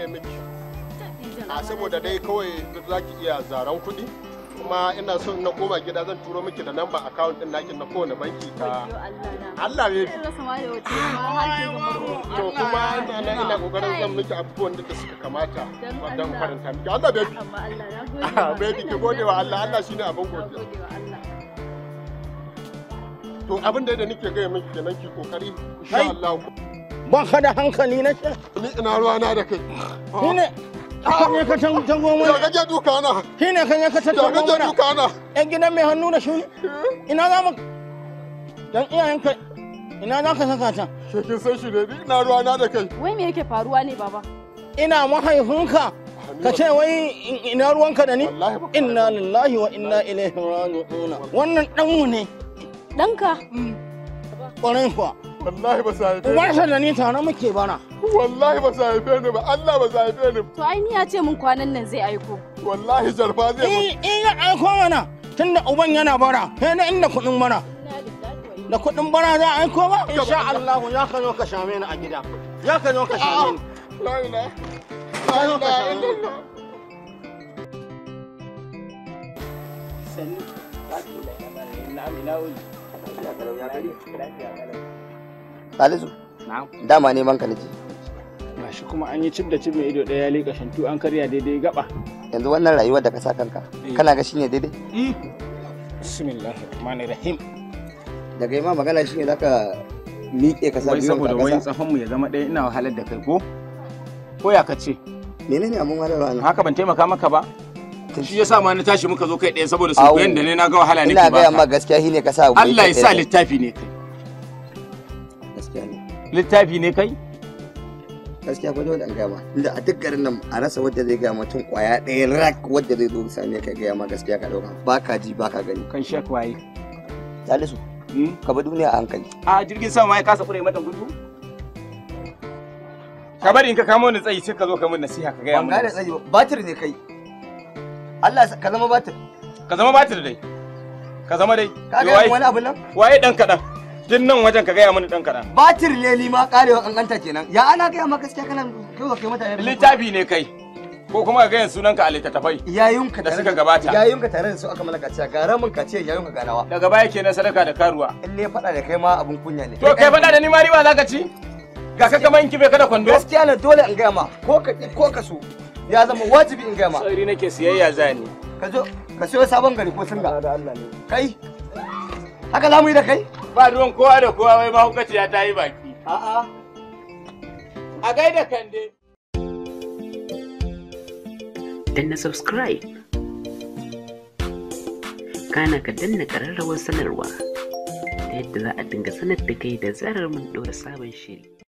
iya miki a saboda dai kawai za ki iya zaren kuɗi kuma ina so na koma gida zan turo miki da namba account din nakin na kowane banki ta Allah ne to kuma ina ina kokarin zan miki abubuwan da suka kamata dan faranta miki Allah baby ah, baby ki gode wa Allah Allah shine abin gode to abin da nake gaya miki kenan ki kokari insha Allah Ba ka da hankali na ce? Ni ina ruwa na da kai. Ni ne kan ah. ya kacan tangon wani. Ya kake duka na. Shi ne kan ya kacan tangon wani. Ya kake duka na. Yan gidan mai hannu na shi ne. Ina za mu dan iyayen kai ina za ka saka ta. Shekin san shi ne ina ruwa na da kai. Wai me yake faruwa ne baba? Ina mahaifinka. ka ce wai ina ruwanka da ni inna lillahi wa inna ilaihi raji'un wannan danmu ne danka mm. ƙwarai kuwa wallahi ba sa haife ni uban da ni muke bana wallahi ba sa ni ba Allah ba sa ni to ai ni ya ce mun kwanan nan zai aiko wallahi jarfa zai mun in ya aiko mana tunda uban yana bara sai na inda kuɗin mana da kuɗin bara za a aiko ba insha Allah ya ka zo ka shame ni a gida ya ka zo ka shame ni la ilaha la ilaha sannu ba ki da kamar ina ina wuri lafiya kalau Salisu. Na'am. Dama neman ka nake. Gashi kuma an yi cib da cib mai ido ɗaya ya liƙa shantu an karya daidai gaba. Yanzu wannan rayuwar da ka sa kanka eh. kana ga shine daidai? Hmm. Bismillahir Rahmanir Rahim. Daga yi ma magana shine zaka miƙe ka sa biyu saboda wani tsafan mu ya zama ɗaya ina wahalar da kai ko? Ko ya ka ce? Menene abun wahalar wannan? Haka ban taimaka maka ba. shi yasa ma na tashi muka zo kai ɗaya saboda sun da ne na ga wahala ne ba. Ina gaya ma gaskiya shine ka sa. Allah ya sa littafi ne kai. littafi ne kai gaskiya ba wanda an gaya ma inda a duk garin nan a rasa wadda zai gaya tun kwaya ɗaya rak wadda zai zo sami ka gaya ma gaskiya ka dauka. ba ka ji ba ka gani kan shek waye Talisu. Hmm? ka bi duniya a hankali a jirgin sama ya kasa kure mata gudu ka bari in ka kamo ni tsayi sai ka zo ka min nasiha ka gaya mun ban ga tsayi batir ne kai Allah ka zama batir ka zama batir dai ka zama dai ka ga wani abu nan waye dan kadan din nan wajen ka gaya mana dan kaɗan. Batir ne ni ma karewa kankanta kenan. Ya ana gaya maka gaskiya kana kai wa kai mutane. Littafi ne kai. Ko kuma ka gaya sunan ka a littattafai. Yayunka da suka gabata. Yayunka tare da su aka malaka cewa gara mun ka ce yayunka ganawa. Daga baya kenan sadaka da karuwa. In ne faɗa da kai ma abun kunya ne. To kai faɗa da ni ma riba zaka ci? Ga ka kaman in kibe kada kwando. Gaskiya ne dole in gaya ma ko ka ko ka so. Ya zama wajibi in gaya ma. Sauri nake siyayya zani. Ka zo ka siyo sabon gari ko singa. Da Allah ne. Kai. Haka za mu yi da kai? ba ruwan kowa da kowa wai mahaukaciya ta yi baki. A'a, a gaida kande. Danna subscribe. Kana ka danna ƙararrawar sanarwa ta yadda za a dinga sanar da kai da zarar mun ɗora sabon shiri.